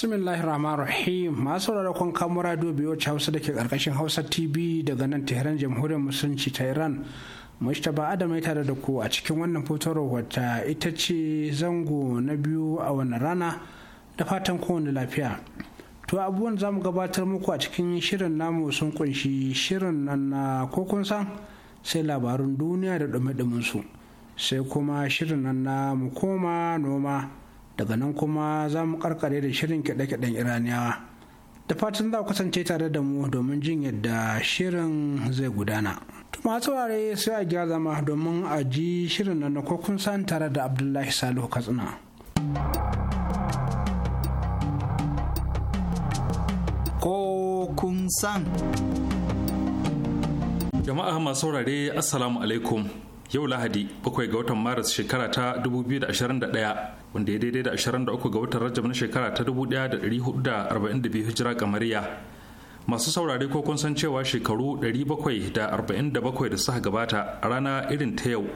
bismillahir rahmanir rahim masu sauraro kun radiyo radio biyo hausa da ke karkashin hausa tv daga nan tehran jamhuriyar musulunci ta iran mustapha adam ya tare da ku a cikin wannan fotar wata ita ce zango na biyu a wani rana da fatan kowane lafiya to abubuwan za mu gabatar muku a cikin shirin namu sun kunshi shirin nan na kokon san sai labarun duniya da dumi su sai kuma shirin nan na mu koma noma daga nan kuma za mu karkare da shirin kyaɗe-kyaɗen iraniyawa da fatan za ku kasance tare da mu domin jin yadda shirin zai gudana tuma saurare sai a gyara zama domin a ji shirin nan na kokun san tare da abdullahi salihu katsina kokun san jama'a masu saurare assalamu alaikum yau lahadi bakwai ga watan maris shekara ta 2021 wanda ya daidai da 23 ga watan rajab na shekara ta 1442 hijira kamariya masu saurare ko kun san cewa shekaru 747 da suka gabata a rana irin ta yau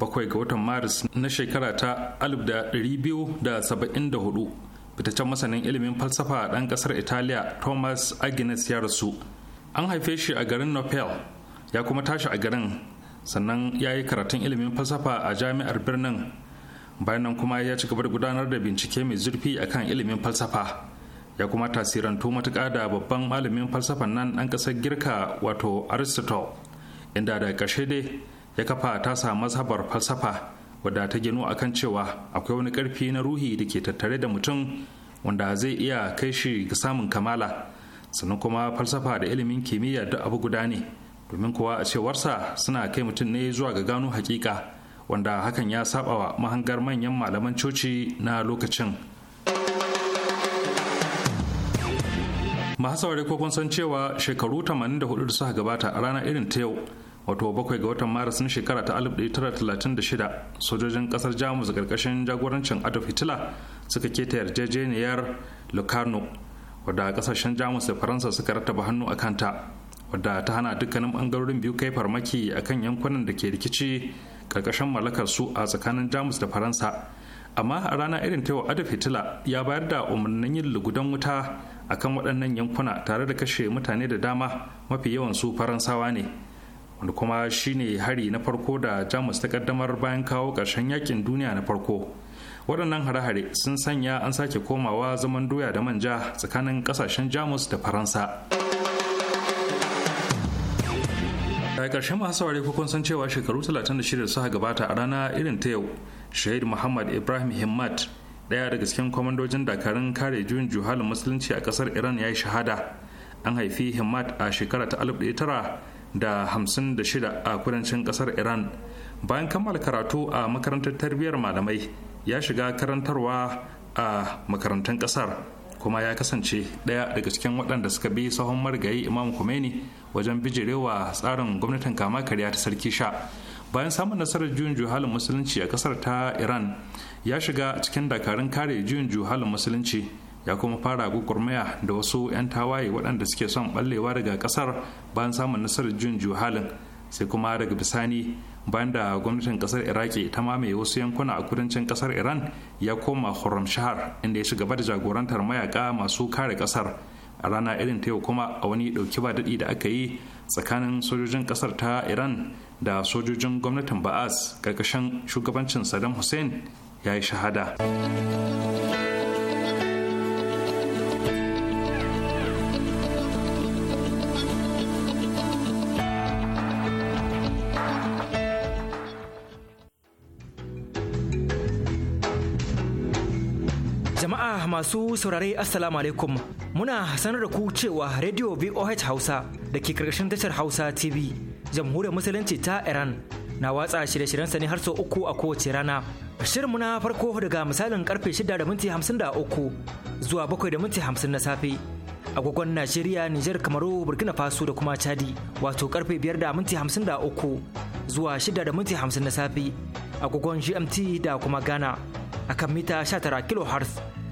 bakwai ga watan maris na shekara ta 1274 fitaccen masanin ilimin falsafa a ɗan ƙasar italiya thomas agnes ya rasu an haife shi a garin nopel ya kuma tashi a garin sannan ya yi karatun ilimin falsafa a jami'ar birnin bayan nan kuma ya ci gaba da gudanar da bincike mai zurfi akan ilimin falsafa ya kuma tasirantu matuƙa da babban malamin falsafan nan ɗan ƙasar girka wato aristotle inda da ƙarshe dai ya kafa tasa mazhabar falsafa wadda ta ginu akan cewa akwai wani ƙarfi na ruhi da ke tattare da mutum wanda zai iya kai shi ga samun kamala sannan kuma falsafa da ilimin kimiyya duk abu guda ne domin kuwa a cewarsa suna kai mutum ne zuwa ga gano hakika wanda hakan ya sabawa mahangar manyan malaman coci na lokacin masu saurari ko kun san cewa shekaru 84 da suka gabata a ranar irin ta yau wato bakwai ga watan maris na shekara ta 1936 sojojin kasar jamus a karkashin jagorancin adolf hitler suka keta yarjejeniyar locarno wadda kasashen jamus da faransa suka rattaba hannu a kanta wadda ta hana dukkanin bangarorin biyu kai farmaki akan yankunan da ke rikici Karkashin mallakar su a tsakanin jamus da faransa amma a rana irin ta yau adolf hitler ya bayar da umarnin yin lugudan wuta a kan waɗannan yankuna tare da kashe mutane da dama mafi yawan su faransawa ne wanda kuma shine hari na farko da jamus ta kaddamar bayan kawo ƙarshen yakin duniya na farko waɗannan hare-hare sun sanya an sake komawa zaman doya da manja tsakanin ƙasashen jamus da faransa. da ƙarshen masu saurare kun san cewa shekaru 36 suka gabata a rana irin ta yau shahid muhammad ibrahim himmat ɗaya daga cikin kwamandojin dakarun kare juyin juhalin musulunci a ƙasar iran ya yi shahada an haifi himmat a shekara ta 1956 a kudancin ƙasar iran bayan kammala karatu a makarantar tarbiyyar malamai ya shiga karantarwa a makarantar ƙasar kuma ya kasance ɗaya daga cikin waɗanda suka bi sahun marigayi imam khomeini wajen bijirewa tsarin gwamnatin kama karya ta sarki sha bayan samun nasarar juyin juhalin musulunci a kasar ta iran ya shiga cikin dakarun kare juyin juhalin musulunci ya kuma fara gugurmaya da wasu 'yan tawaye waɗanda suke son ɓallewa daga ƙasar bayan samun nasarar juyin juhalin sai kuma daga bisani bayan da gwamnatin kasar iraki ta mamaye wasu yankuna a kudancin kasar iran ya koma shahar inda ya shiga da jagorantar mayaka masu kare kasar a rana irin ta yau kuma a wani ɗauki ba daɗi da aka yi tsakanin sojojin ƙasar ta iran da sojojin gwamnatin ba'as ƙarƙashin shugabancin saddam hussein ya yi shahada Masu saurare Assalamu alaikum muna sanar da ku cewa Radio VOH Hausa da ke karkashin tashar Hausa TV jamhuriyar musulunci ta Iran na watsa shirye shiryen ne har sau uku a kowace rana. Shirinmu na farko daga misalin karfe shida da minti hamsin da uku zuwa bakwai da minti hamsin na safe. agogon Najeriya, Nijar, Kamaru, Burkina Faso da kuma Chadi wato karfe 5:53 da minti zuwa 6:50 da minti na safe agogon GMT da kuma Ghana akan mita 19 kHz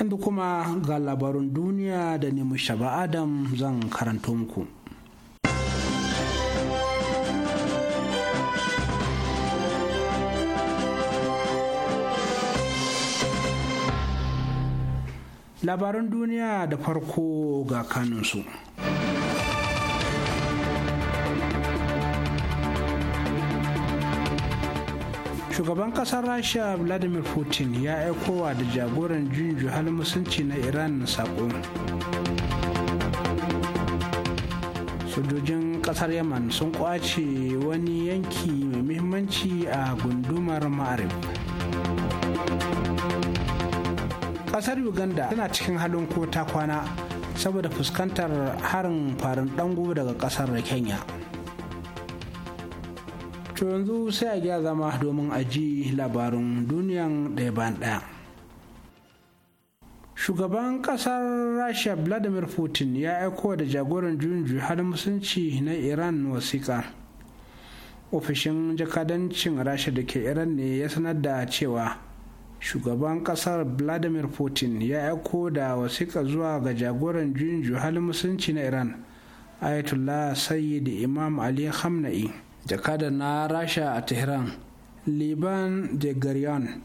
yanzu kuma ga labarin duniya da nemi shaba adam zan karanto muku Labarin duniya da farko ga kanunsu shugaban kasar rasha vladimir putin ya aikowa da jagoran juyin juhal na iran saƙo sojojin kasar yaman sun kwace wani yanki mai muhimmanci a gundumar ma'arib kasar uganda tana cikin halin kota kwana saboda fuskantar harin farin dango daga kasar kenya to yanzu sai a gya zama domin a ji labarin duniyan ɗaya ban ɗaya shugaban ƙasar rasha vladimir putin ya aiko da jagoran junju har musunci na iran wasiƙa ofishin jakadancin rasha da ke iran ne ya sanar da cewa shugaban ƙasar vladimir putin ya aiko da wasiƙa zuwa ga jagoran junju hali musunci na iran ayatollah sayyid imam ali khamenei jakada na rasha a tehran liban de jagaryan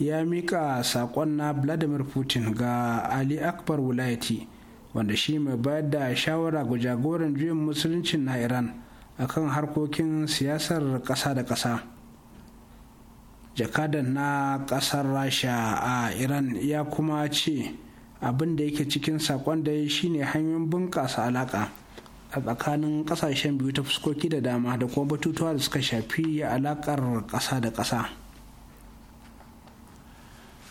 ya mika sakon na vladimir putin ga ali akbar wulayati wanda shi mai bayar da shawara ga jagoran juyin musuluncin na iran akan harkokin siyasar kasa da kasa jakadan na ƙasar rasha a iran ya kuma ce abin da yake cikin sakon da shine hanyoyin bunƙasa alaƙa a tsakanin kasashen biyu ta fuskoki da dama da kuma batutuwa da suka shafi alakar ƙasa da ƙasa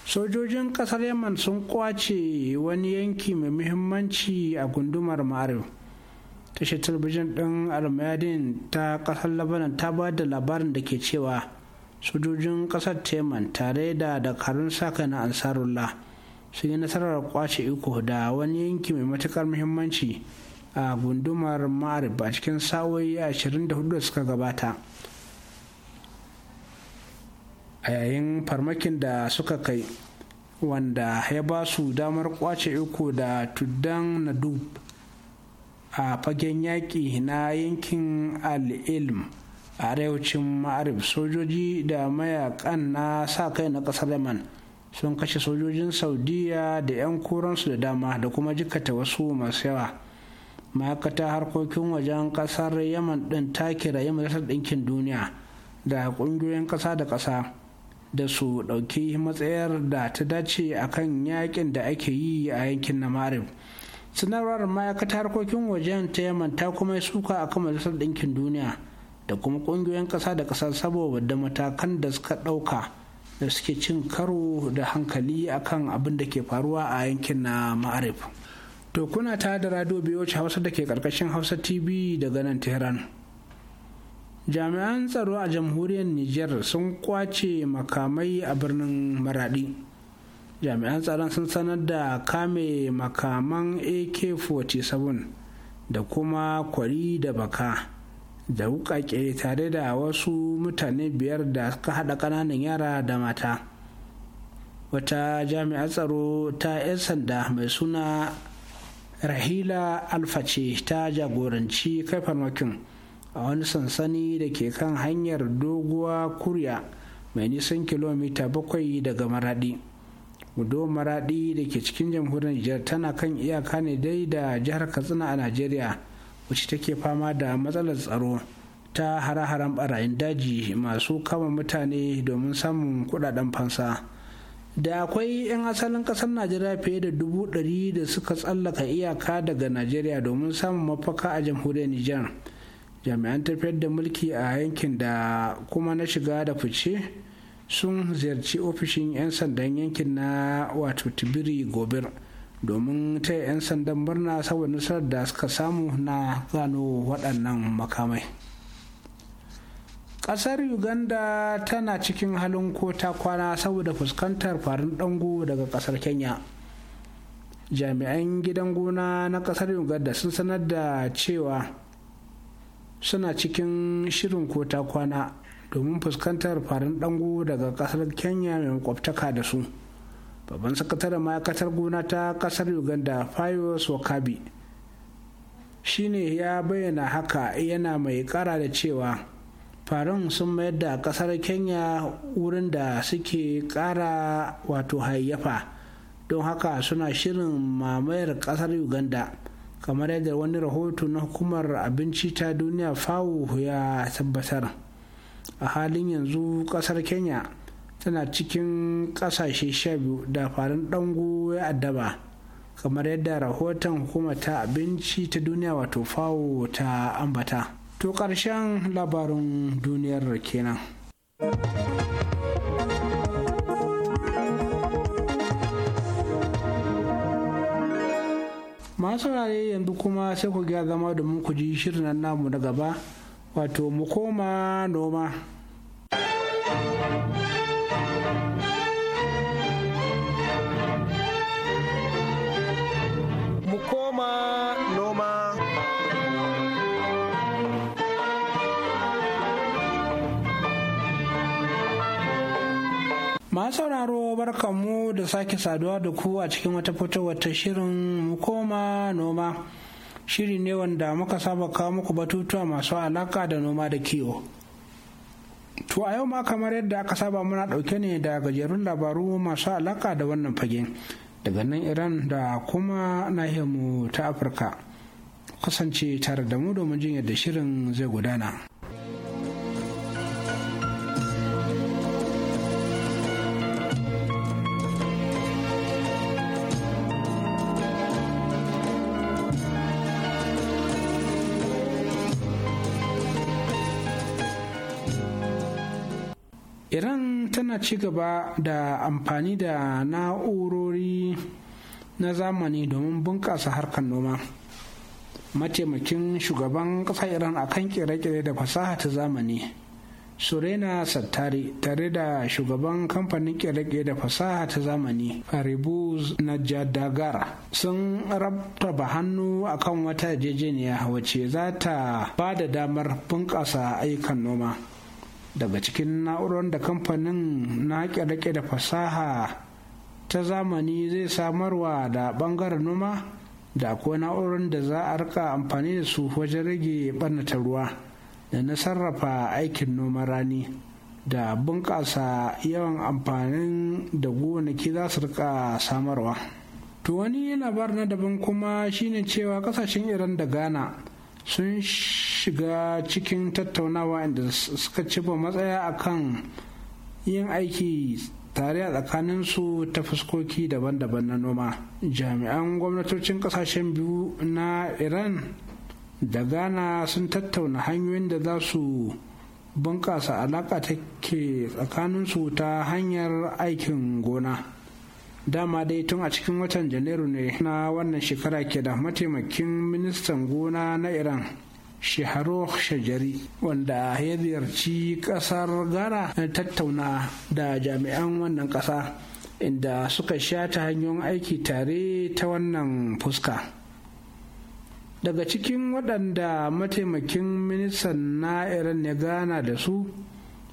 sojojin kasar yaman sun kwace wani yanki mai muhimmanci a gundumar ma'arif tashar talabijin ɗin almayadin ta ƙasar labanan ta ba da labarin da ke cewa sojojin ƙasar yaman tare da dakarun saka na ansarullah sun yi nasarar kwace iko da wani yanki mai matukar muhimmanci a gundumar ma'arib a cikin sa'o'i 24 da suka gabata a yayin farmakin da suka kai wanda ya ba su damar kwace iko da tuddan nadub a fagen yaƙi na yankin al-ilm a arewacin ma'arib sojoji da mayakan na sa kai na ƙasar yaman sun kashe sojojin saudiya da 'yan koransu da dama da kuma jikata wasu masu yawa ma'aikata harkokin wajen kasar yaman ɗin ta kirayi majalisar ɗinkin duniya da ƙungiyoyin ƙasa da ƙasa da su ɗauki matsayar da ta dace a kan yakin da ake yi a yankin na marib sanarwar ma'aikata harkokin wajen ta yaman ta kuma yi suka a kan majalisar ɗinkin duniya da kuma ƙungiyoyin ƙasa da ƙasa saboda matakan da suka ɗauka da suke cin karo da hankali akan abin da ke faruwa a yankin na ma'arif. to kuna ta da radio wacce hausa da ke karkashin hausa tv daga nan tehran jami'an tsaro a jamhuriyar niger sun kwace makamai a birnin maradi jami'an tsaron sun sanar da kame makaman ak-47 da kuma kwari da baka da wukake tare da wasu mutane biyar da suka hada kananan yara da mata wata jami'ar tsaro ta 'yan sanda mai suna rahila alface ta jagoranci kai farmakin a wani sansani da ke kan hanyar doguwa kurya mai nisan kilomita bakwai daga maradi mudo maradi da ke cikin jamhuriyar nijar tana kan iyaka ne dai da jihar katsina a najeriya wacce take fama da matsalar tsaro ta hare-haren barayin daji masu kama mutane domin samun kudaden fansa da akwai 'yan asalin kasar najeriya fiye da dubu ɗari da suka tsallaka iyaka daga najeriya domin samun mafaka a jamhuriyar Niger, jami'an tafiyar da mulki a yankin da kuma na shiga da fice sun ziyarci ofishin 'yan sandan yankin na wato tibiri gobir domin ta 'yan sandan murna saboda nasarar da suka samu na gano waɗannan makamai kasar uganda tana cikin halin ko ta kwana saboda fuskantar farin dango daga ƙasar kenya jami'an gidan gona na ƙasar uganda sun sanar da cewa suna cikin shirin ko ta kwana domin fuskantar farin dango daga kasar kenya mai makwabtaka da su babban sakataren ma'aikatar gona ta ƙasar uganda fayos wakabi shine ya bayyana haka yana mai kara da cewa farin sun mayar da kasar kenya wurin da suke kara wato hayyafa don haka suna shirin mamayar kasar uganda kamar yadda wani rahoto na hukumar abinci ta duniya fawo ya tabbatar a halin yanzu kasar kenya tana cikin kasashe sha biyu da farin dango ya addaba kamar yadda rahoton hukumar ta abinci ta duniya wato fawo ta ambata to ƙarshen labarin duniyar kenan. masu rare yanzu kuma sai ku gaya zama da ku ji shirin namu na gaba wato mu koma noma mu koma masu sauraro barkanmu da sake saduwa da ku a cikin wata fitowar ta shirin koma noma shiri ne wanda muka saba kawo muku batutuwa masu alaka da noma da kiwo to a yau ma kamar yadda aka saba muna ɗauke ne da gajerun labaru masu alaka da wannan fage daga nan iran da kuma nahiyarmu ta afirka kasance tare da mu domin jin yadda shirin zai gudana. iran tana ci gaba da amfani da na'urori na zamani domin bunƙasa harkar noma mataimakin shugaban ƙasar iran akan kere-kere da fasaha ta zamani surena sattari tare da shugaban kamfanin kere-kere da fasaha ta zamani faribuz najadagara sun rabtaba hannu akan wata yarjejeniya wacce za ta ba da damar bunƙasa ayyukan noma daga cikin na'urar da kamfanin na rake da fasaha ta zamani zai samarwa da bangaren noma da akwai na'urar da za a rika amfani da su wajen rage ɓannata ruwa da na sarrafa aikin noma rani da bunƙasa yawan amfanin da gonaki za su rika samarwa to wani labar na daban kuma shine cewa ƙasashen iran da ghana sun shiga cikin tattaunawa inda suka ci ba matsaya kan yin aiki tare a tsakaninsu ta fuskoki daban-daban na noma jami'an gwamnatocin kasashen biyu na iran da ghana sun tattauna hanyoyin da za su bunƙasa alaƙa take tsakaninsu ta hanyar aikin gona dama dai tun a cikin watan janairu ne na wannan shekara ke da mataimakin ministan gona na iran shaharo shajari wanda ya ziyarci kasar gara tattauna da jami'an wannan kasa inda suka sha ta hanyoyin aiki tare ta wannan fuska daga cikin waɗanda mataimakin ministan na iran ya gana da su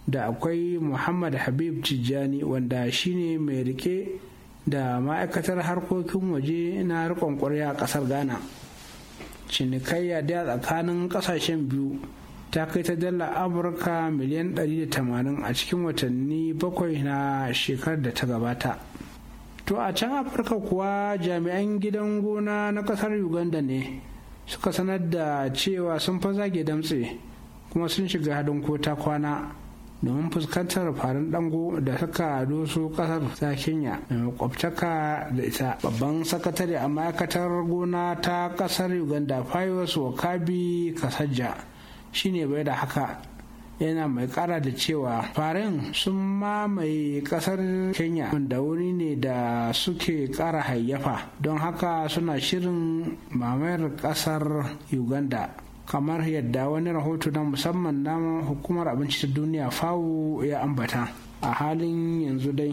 da akwai muhammad habib tijjani wanda shine mai rike da ma'aikatar harkokin waje na rikon ƙwarya a ƙasar ghana cinikayya da tsakanin ƙasashen biyu ta kai ta dala amurka miliyan 180 a cikin watanni bakwai na shekarar da ta gabata to a can afirka kuwa jami'an gidan gona na ƙasar uganda ne suka sanar da cewa sun fa zage damtse kuma sun shiga hadin kota kwana domin fuskantar farin dango da suka doso kasar ta kenya mai makwabtaka da ita babban sakatare a ma'aikatar gona ta kasar uganda fayos wakabi kasajja shine bai da haka yana mai kara da cewa farin sun mamaye kasar kenya wanda wuri ne da suke kara hayyafa don haka suna shirin mamayar kasar uganda kamar yadda wani rahoto na musamman na hukumar abinci ta duniya fawo ya ambata a halin yanzu dai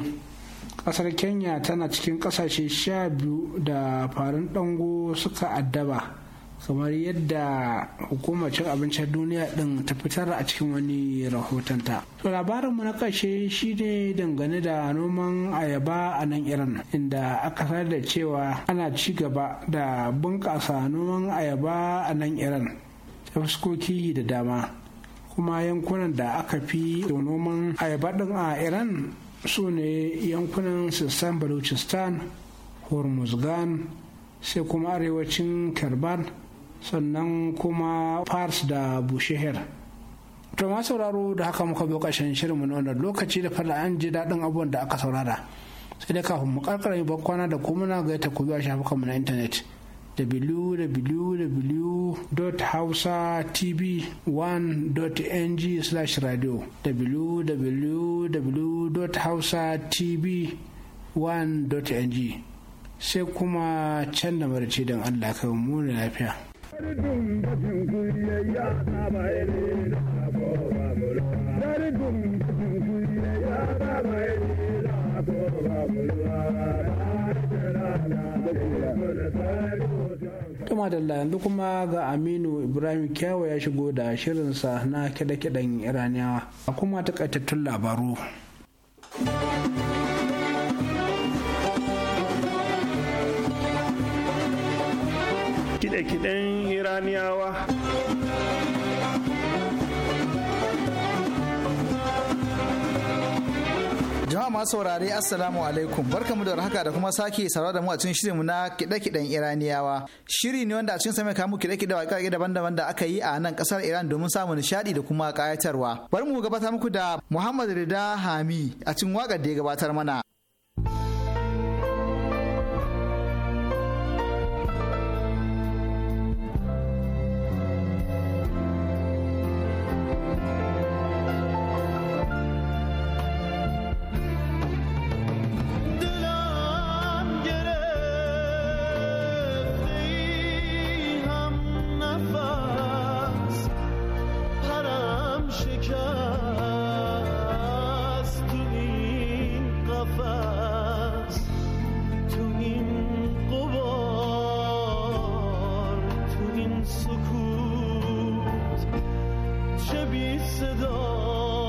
kasar kenya tana cikin kasashe sha biyu da farin dango suka addaba kamar yadda hukumar cin abincin duniya din ta fitar a cikin wani rahotonta. to labarinmu na ƙarshe ne dangane da noman ayaba a nan iran inda aka sanar da cewa ana ci gaba da bunƙasa noman ayaba a nan iran fuskoki da dama kuma yankunan da aka fi noman ayaba ɗin a iran su ne yankunan sassan baluchistan hormuzgan sai kuma arewacin kerban sannan kuma fars da bushehir to ma sauraro da haka muka zo shirin shirinmu na wannan lokaci da fara an ji daɗin abubuwan da aka saurara sai dai kafin mu karkara yi bankwana da kuma na gaita ku zuwa shafukanmu na intanet www.hausatv1.ng/radio slash www.hausatv1.ng sai kuma can da marci don Allah kai mu ne lafiya. Dari dum Tuma da yanzu kuma ga Aminu Ibrahim Kyawa ya shigo da shirinsa na kiɗe-kiɗen Iraniyawa a kuma takaitattun labaru. Kiɗe-kiɗen Iraniyawa. jama'a masu saurare assalamu alaikum barkamu da warhaka da kuma sake saurara da mu a cikin shirin mu na kide-kiden iraniyawa shiri ne wanda a cikin sa mai mu kide-kide wa daban-daban da aka yi a nan kasar iran domin samun nishadi da kuma kayatarwa bari mu gabatar muku da muhammad rida hami a cikin wakar da ya gabatar mana تو این سکوت چه بی صدا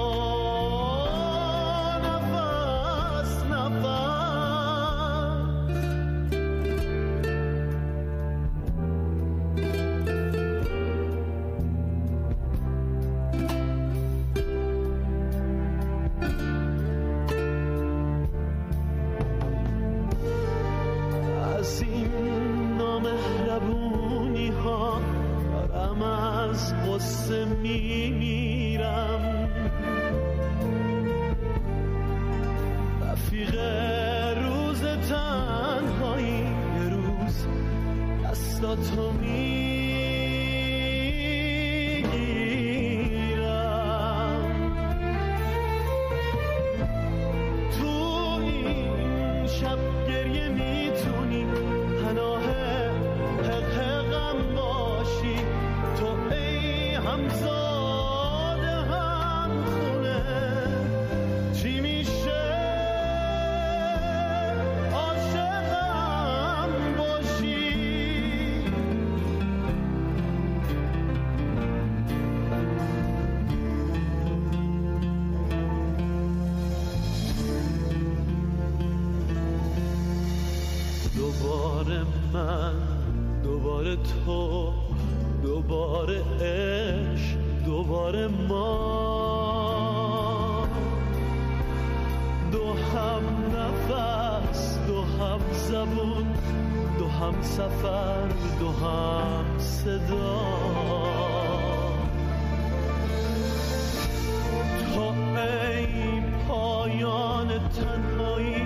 تنهایی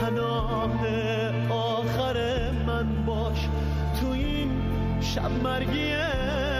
پناه آخر من باش تو این شب مرگیه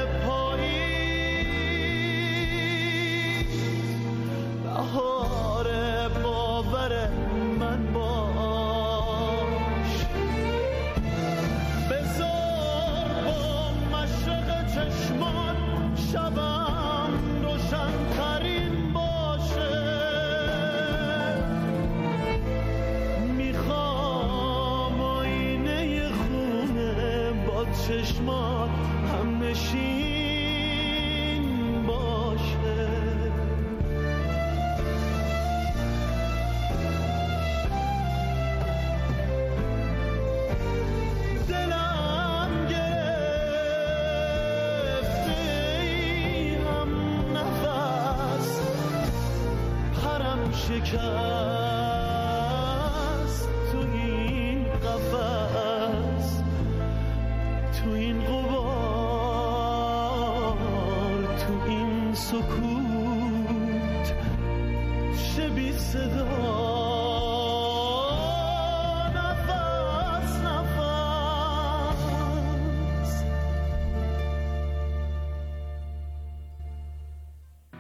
çıkar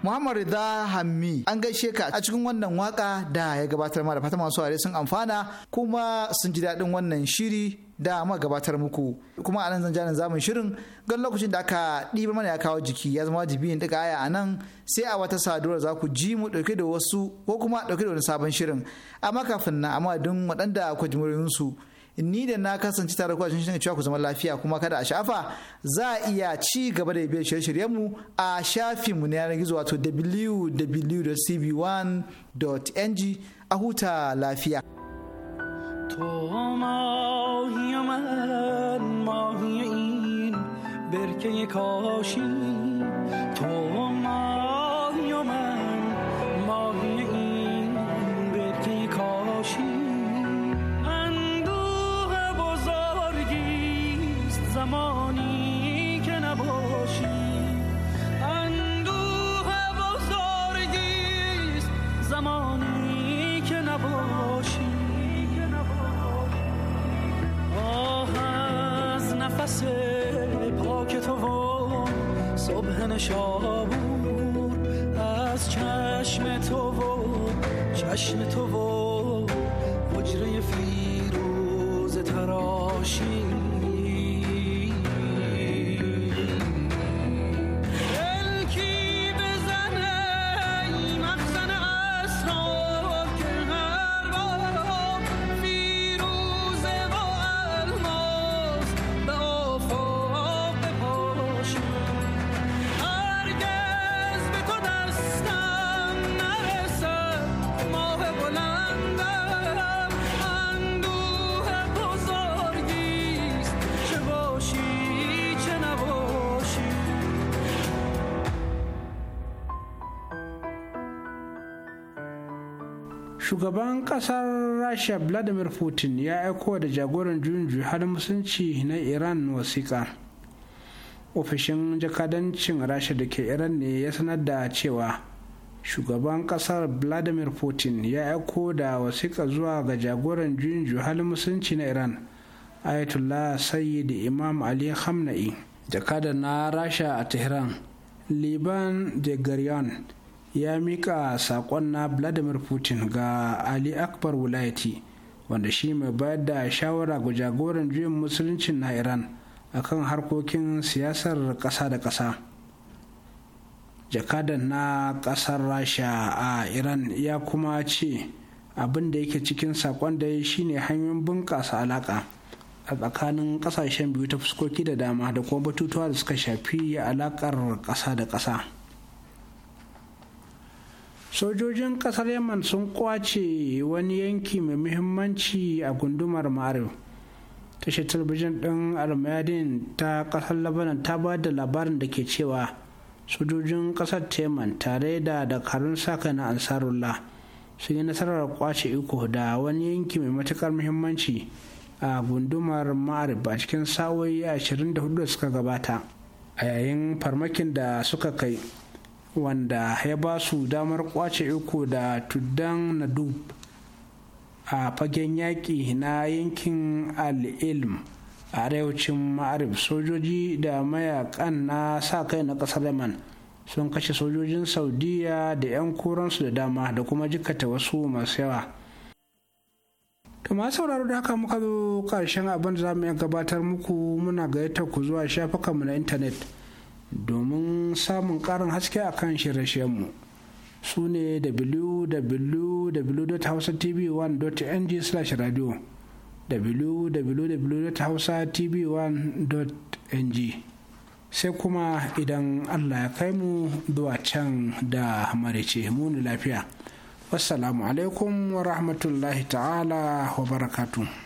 Muhammad Rida Hammi an gaishe ka a cikin wannan waka da ya gabatar ma da fatan masu ware sun amfana kuma sun ji daɗin wannan shiri da ma gabatar muku kuma a nan zan janin zamun shirin gan lokacin da aka ɗiba mana ya kawo jiki ya zama wajibi in ɗiga aya a nan sai a wata saduwar za ku ji mu ɗauke da wasu ko kuma ɗauke da wani sabon shirin amma kafin na amma don waɗanda ku ji ni da na kasance tare kuwa shi cewa ku zama lafiya kuma kada a shafa za a iya ci gaba da biyar shirye-shiryen mu a shafin mu na yanar gizo wato www.cb1.ng a huta lafiya تو ماهی من ماهی این برکه کاشی تو ماهی من زمانی که نباشی اندوه و زارگیست زمانی که نباشی آه از نفس پاک تو و صبح نشابور از چشم تو و چشم تو و حجره فیروز تراشی shugaban kasar rasha vladimir putin ya aiko da jagoran junju har musunci na iran wasiƙa ofishin jakadancin rasha da ke iran ne ya sanar da cewa shugaban kasar vladimir putin ya aiko da wasiƙa zuwa ga jagoran junju har musunci na iran ayatollah sayyid imam ali hamna'i jakada na rasha a tehran liban de garyan ya mika saƙon na vladimir putin ga ali akbar wulayati wanda shi mai bayar da shawara ga jagoran juyin musuluncin na iran a kan harkokin siyasar ƙasa da ƙasa jakadan na ƙasar rasha a iran ya kuma ce abin da yake cikin sakon da shine hanyoyin bunƙasa alaƙa a tsakanin ƙasashen biyu ta fuskoki da dama da kuma batutuwa da suka shafi alaƙar ƙasa da ƙasa. sojojin kasar yaman sun kwace wani yanki mai muhimmanci a gundumar mario tashar talabijin ɗin almayadin ta ƙasar labanan ta ba da labarin da ke cewa sojojin ƙasar teman tare da dakarun saka na ansarullah sun yi nasarar kwace iko da wani yanki mai matuƙar muhimmanci a gundumar ma'arib a cikin sa'o'i 24 da suka gabata a yayin farmakin da suka kai wanda ya ba su damar kwace iko da tuddan nadub a fagen yaƙi na yankin al-ilm a arewacin ma'arib sojoji da mayakan na sa kai na ƙasar yaman sun kashe sojojin saudiya da 'yan koransu da dama da kuma jikata wasu masu yawa to ma sauraro da haka muka zo karshen abin da za mu gabatar muku muna gayyata ku zuwa shafukanmu na intanet domin samun ƙarin haske a kan shirye-shiryenmu su ne www.hausatv1.ng/radio www.hausatv1.ng sai kuma idan allah ya kai mu zuwa can da marice muni lafiya wassalamu alaikum wa rahmatullahi ta'ala wa barakatuh